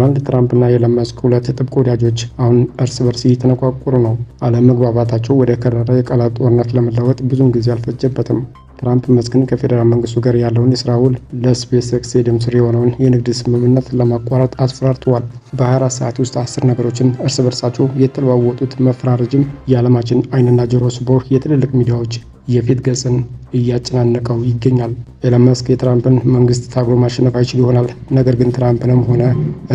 ዶናልድ ትራምፕና ኤለን መስክ ሁለት ጥብቅ ወዳጆች አሁን እርስ በርስ እየተነቋቁሩ ነው። አለመግባባታቸው ወደ ከረረ የቃላት ጦርነት ለመለወጥ ብዙም ጊዜ አልፈጀበትም። ትራምፕ መስክን ከፌዴራል መንግስቱ ጋር ያለውን የስራ ውል ለስፔስ ኤክስ ስር የሆነውን የንግድ ስምምነት ለማቋረጥ አስፈራርተዋል። በ24 ሰዓት ውስጥ አስር ነገሮችን እርስ በርሳቸው የተለዋወጡት መፈራረጅም የዓለማችን አይንና ጆሮ ስቦ የትልልቅ ሚዲያዎች የፊት ገጽን እያጨናነቀው ይገኛል። ኤለን መስክ የትራምፕን መንግስት ታግሎ ማሸነፍ አይችል ይሆናል፣ ነገር ግን ትራምፕንም ሆነ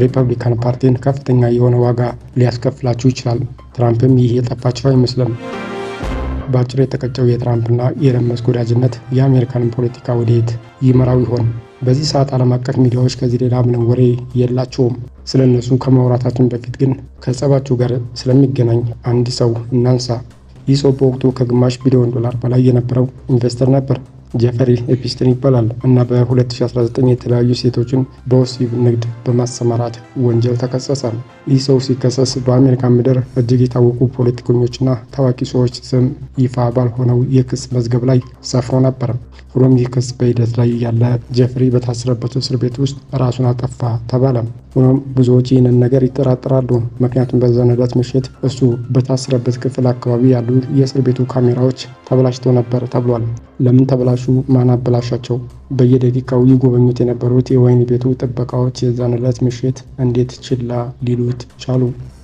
ሪፐብሊካን ፓርቲን ከፍተኛ የሆነ ዋጋ ሊያስከፍላችሁ ይችላል። ትራምፕም ይህ የጠፋቸው አይመስልም። በአጭሩ የተቀጨው የትራምፕና የኤለን መስክ ወዳጅነት የአሜሪካንን ፖለቲካ ወደየት ይመራው ይሆን? በዚህ ሰዓት ዓለም አቀፍ ሚዲያዎች ከዚህ ሌላ ምንም ወሬ የላቸውም። ስለ እነሱ ከማውራታችን በፊት ግን ከጸባቸው ጋር ስለሚገናኝ አንድ ሰው እናንሳ። ይህ ሰው በወቅቱ ከግማሽ ቢሊዮን ዶላር በላይ የነበረው ኢንቨስተር ነበር። ጀፈሪ ኤፒስትን ይባላል እና በ2019 የተለያዩ ሴቶችን በወሲብ ንግድ በማሰማራት ወንጀል ተከሰሰ። ይህ ሰው ሲከሰስ በአሜሪካ ምድር እጅግ የታወቁ ፖለቲከኞችና ታዋቂ ሰዎች ስም ይፋ ባልሆነው የክስ መዝገብ ላይ ሰፍሮ ነበር። ሆኖም ይህ ክስ በሂደት ላይ ያለ ጀፍሪ በታሰረበት እስር ቤት ውስጥ ራሱን አጠፋ ተባለ። ሆኖም ብዙዎች ይህንን ነገር ይጠራጠራሉ። ምክንያቱም በዛን ዕለት ምሽት እሱ በታሰረበት ክፍል አካባቢ ያሉ የእስር ቤቱ ካሜራዎች ተበላሽተው ነበር ተብሏል። ለምን ተበላሹ ሲያበላሹ ማን አበላሻቸው? በየደቂቃው ይጎበኙት የነበሩት የወይን ቤቱ ጥበቃዎች የዛን ዕለት ምሽት እንዴት ችላ ሊሉት ቻሉ?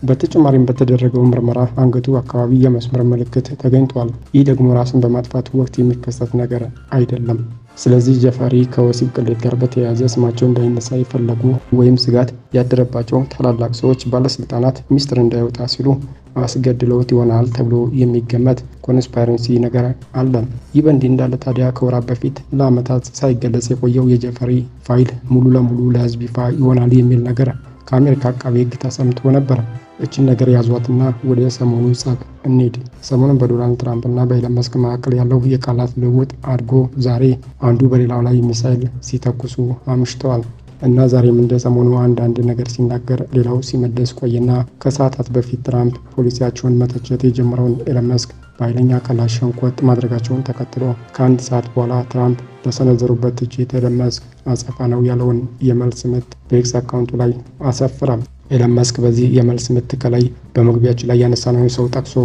በተጨማሪም በተደረገው ምርመራ አንገቱ አካባቢ የመስመር ምልክት ተገኝቷል። ይህ ደግሞ ራስን በማጥፋት ወቅት የሚከሰት ነገር አይደለም። ስለዚህ ጀፋሪ ከወሲብ ቅሌት ጋር በተያያዘ ስማቸው እንዳይነሳ የፈለጉ ወይም ስጋት ያደረባቸው ታላላቅ ሰዎች ባለስልጣናት ሚስጥር እንዳይወጣ ሲሉ አስገድለውት ይሆናል ተብሎ የሚገመት ኮንስፓይረንሲ ነገር አለ። ይህ በእንዲህ እንዳለ ታዲያ ከወራት በፊት ለዓመታት ሳይገለጽ የቆየው የጀፈሪ ፋይል ሙሉ ለሙሉ ለህዝብ ይፋ ይሆናል የሚል ነገር ከአሜሪካ አቃቤ ሕግ ተሰምቶ ነበር። እችን ነገር ያዟትና ወደ ሰሞኑ ጸብ እንሂድ። ሰሞኑን በዶናልድ ትራምፕ ና መስክ መካከል ያለው የቃላት ልውውጥ አድጎ ዛሬ አንዱ በሌላው ላይ ሚሳይል ሲተኩሱ አምሽተዋል እና ዛሬም እንደ ሰሞኑ አንዳንድ ነገር ሲናገር ሌላው ሲመደስ ቆየና ከሰዓታት በፊት ትራምፕ ፖሊሲያቸውን መተቸት የጀመረውን ኢለን መስክ በኃይለኛ ክላሽ ሸንቆጥ ማድረጋቸውን ተከትሎ ከአንድ ሰዓት በኋላ ትራምፕ በሰነዘሩበት ትችት ኤለን መስክ አጸፋ ነው ያለውን የመልስ ምት በኤክስ አካውንቱ ላይ አሰፍራል። ኤለን መስክ በዚህ የመልስ ምት ከላይ በመግቢያችን ላይ ያነሳነውን ሰው ጠቅሶ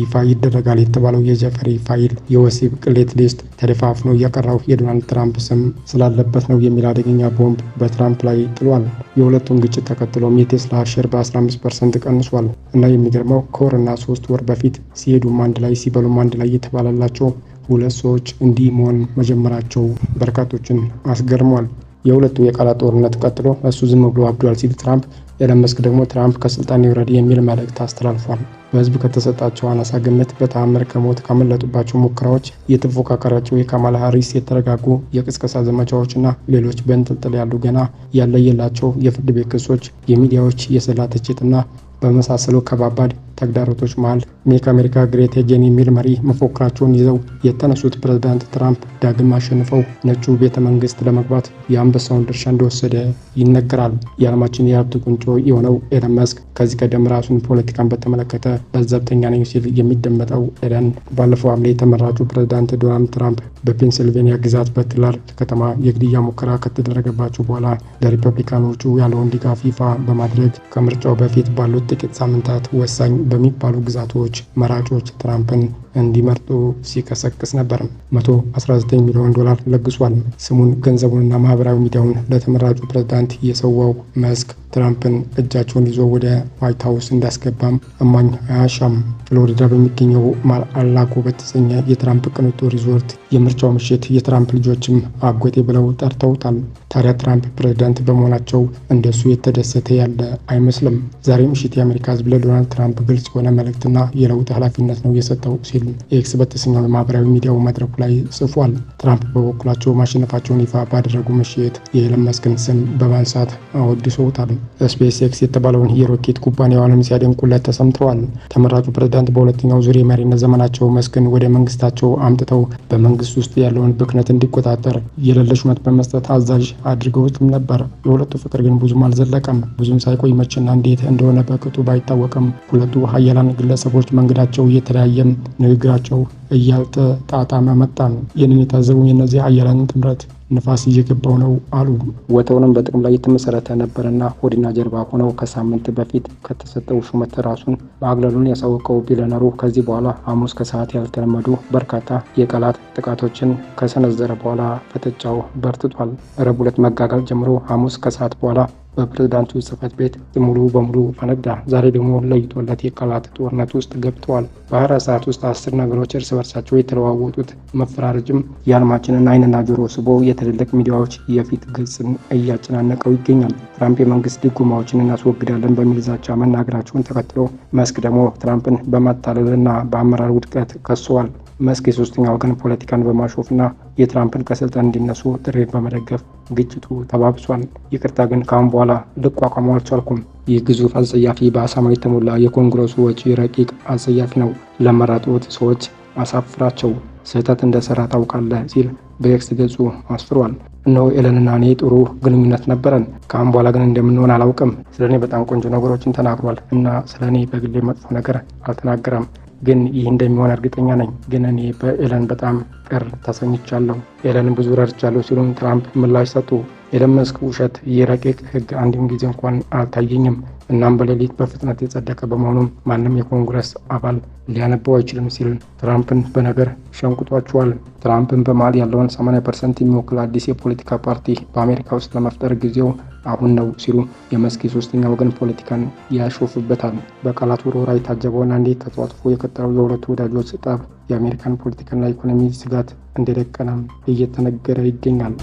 ይፋ ይደረጋል የተባለው የጀፈሪ ፋይል የወሲብ ቅሌት ሊስት ተደፋፍኖ እያቀራው የዶናልድ ትራምፕ ስም ስላለበት ነው የሚል አደገኛ ቦምብ በትራምፕ ላይ ጥሏል። የሁለቱን ግጭት ተከትሎም የቴስላ ሼር በ15 ፐርሰንት ቀንሷል እና የሚገርመው ከወር እና ሶስት ወር በፊት ሲሄዱም አንድ ላይ ሲበሉም አንድ ላይ የተባለላቸው ሁለት ሰዎች እንዲህ መሆን መጀመራቸው በርካቶችን አስገርሟል። የሁለቱ የቃላት ጦርነት ቀጥሎ እሱ ዝም ብሎ አብዷል ሲል ትራምፕ ኤለን መስክ ደግሞ ትራምፕ ከስልጣን ይውረድ የሚል መልእክት አስተላልፏል። በህዝብ ከተሰጣቸው አናሳ ግምት በተአምር ከሞት ካመለጡባቸው ሙከራዎች የተፎካከራቸው የካማላ ሀሪስ የተረጋጉ የቅስቀሳ ዘመቻዎች እና ሌሎች በእንጥልጥል ያሉ ገና ያለየላቸው የፍርድ ቤት ክሶች፣ የሚዲያዎች የስላ ትችትና በመሳሰሉ ከባባድ ተግዳሮቶች መሃል ሜክ አሜሪካ ግሬት ኤጌን የሚል መሪ መፎክራቸውን ይዘው የተነሱት ፕሬዝዳንት ትራምፕ ዳግም አሸንፈው ነጩ ቤተ መንግስት ለመግባት የአንበሳውን ድርሻ እንደወሰደ ይነገራል። የዓለማችን የሀብት ቁንጮ የሆነው ኤለን መስክ ከዚህ ቀደም ራሱን ፖለቲካን በተመለከተ በዘብተኛ ነኝ ሲል የሚደመጠው ኤለን ባለፈው ሐምሌ ተመራጩ ፕሬዝዳንት ዶናልድ ትራምፕ በፔንሲልቬኒያ ግዛት በትላልቅ ከተማ የግድያ ሙከራ ከተደረገባቸው በኋላ ለሪፐብሊካኖቹ ያለውን ድጋፍ ይፋ በማድረግ ከምርጫው በፊት ባሉት ጥቂት ሳምንታት ወሳኝ በሚባሉ ግዛቶች መራጮች ትራምፕን እንዲመርጡ ሲቀሰቅስ ነበር። 119 ሚሊዮን ዶላር ለግሷል። ስሙን ገንዘቡንና ማህበራዊ ሚዲያውን ለተመራጩ ፕሬዝዳንት የሰዋው መስክ ትራምፕን እጃቸውን ይዞ ወደ ዋይት ሀውስ እንዲያስገባም እማኝ አያሻም። ፍሎሪዳ በሚገኘው ማርአላጎ በተሰኘ የትራምፕ ቅንጡ ሪዞርት የምርጫው ምሽት የትራምፕ ልጆችም አጎቴ ብለው ጠርተውታል። ታዲያ ትራምፕ ፕሬዝዳንት በመሆናቸው እንደሱ የተደሰተ ያለ አይመስልም። ዛሬ ምሽት የአሜሪካ ህዝብ ለዶናልድ ትራምፕ ግልጽ የሆነ መልእክትና የለውጥ ኃላፊነት ነው የሰጠው ሲል ሲል የኤክስ በተሰኘው ማህበራዊ ሚዲያው መድረኩ ላይ ጽፏል። ትራምፕ በበኩላቸው ማሸነፋቸውን ይፋ ባደረጉ ምሽት የኤለን መስክን ስም በማንሳት አወድሰውታል። ስፔስ ኤክስ የተባለውን የሮኬት ኩባንያውንም ሲያደንቁለት ተሰምተዋል። ተመራጩ ፕሬዚዳንት በሁለተኛው ዙር የመሪነት ዘመናቸው መስክን ወደ መንግስታቸው አምጥተው በመንግስት ውስጥ ያለውን ብክነት እንዲቆጣጠር የሌለ ሹመት በመስጠት አዛዥ አድርገውትም ነበር። የሁለቱ ፍቅር ግን ብዙም አልዘለቀም። ብዙም ሳይቆይ መቼና እንዴት እንደሆነ በቅጡ ባይታወቅም ሁለቱ ሀያላን ግለሰቦች መንገዳቸው እየተለያየ እግራቸው እያልተጣጣመ መጣን። ይህንን የታዘቡ የነዚህ አየራን ጥምረት ንፋስ እየገባው ነው አሉ። ወተውንም በጥቅም ላይ የተመሰረተ ነበርና ሆድና ጀርባ ሆነው ከሳምንት በፊት ከተሰጠው ሹመት ራሱን ማግለሉን ያሳወቀው ቢለነሩ ከዚህ በኋላ ሐሙስ ከሰዓት ያልተለመዱ በርካታ የቃላት ጥቃቶችን ከሰነዘረ በኋላ ፍጥጫው በርትቷል። ረቡዕ ዕለት መጋጋል ጀምሮ ሐሙስ ከሰዓት በኋላ በፕሬዝዳንቱ ጽህፈት ቤት ሙሉ በሙሉ ፈነዳ። ዛሬ ደግሞ ለይቶለት የቃላት ጦርነት ውስጥ ገብተዋል። በ24 ሰዓት ውስጥ አስር ነገሮች እርስ በርሳቸው የተለዋወጡት መፈራረጅም የዓለማችንን ዓይንና ጆሮ ስቦ የትልልቅ ሚዲያዎች የፊት ገጽን እያጨናነቀው ይገኛል። ትራምፕ የመንግስት ድጎማዎችን እናስወግዳለን በሚል ዛቻ መናገራቸውን ተከትሎ መስክ ደግሞ ትራምፕን በማታለልና በአመራር ውድቀት ከሰዋል። መስክ የሶስተኛ ወገን ፖለቲካን በማሾፍና የትራምፕን ከስልጣን እንዲነሱ ጥሪን በመደገፍ ግጭቱ ተባብሷል። ይቅርታ ግን ከአሁን በኋላ ልቋቋመው አልቻልኩም። ይህ ግዙፍ አጸያፊ በአሳማ የተሞላ የኮንግረሱ ወጪ ረቂቅ አጸያፊ ነው። ለመረጡት ሰዎች አሳፍራቸው። ስህተት እንደሰራ ታውቃለህ ሲል በኤክስ ገጹ አስፍሯል። እነሆ ኤለንና እኔ ጥሩ ግንኙነት ነበረን። ከአሁን በኋላ ግን እንደምንሆን አላውቅም። ስለ እኔ በጣም ቆንጆ ነገሮችን ተናግሯል እና ስለ እኔ በግሌ መጥፎ ነገር አልተናገረም። ግን ይህ እንደሚሆን እርግጠኛ ነኝ። ግን እኔ በኤለን በጣም ቅር ተሰኝቻለሁ፣ ኤለንን ብዙ ረድቻለሁ ሲሉም ትራምፕ ምላሽ ሰጡ። የደመስክ ውሸት ይህ ረቂቅ ህግ አንድም ጊዜ እንኳን አልታየኝም እናም በሌሊት በፍጥነት የጸደቀ በመሆኑም ማንም የኮንግረስ አባል ሊያነበው አይችልም ሲል ትራምፕን በነገር ሸንቁጧቸዋል። ትራምፕን በመሀል ያለውን 80 ፐርሰንት የሚወክል አዲስ የፖለቲካ ፓርቲ በአሜሪካ ውስጥ ለመፍጠር ጊዜው አሁን ነው ሲሉ የመስክ ሶስተኛ ወገን ፖለቲካን ያሾፉበታል። በቃላት ወረራ የታጀበውና እንዴት ተጧጥፎ የቀጠለው የሁለቱ ወዳጆች ጠብ የአሜሪካን ፖለቲካና ኢኮኖሚ ስጋት እንደደቀነም እየተነገረ ይገኛል።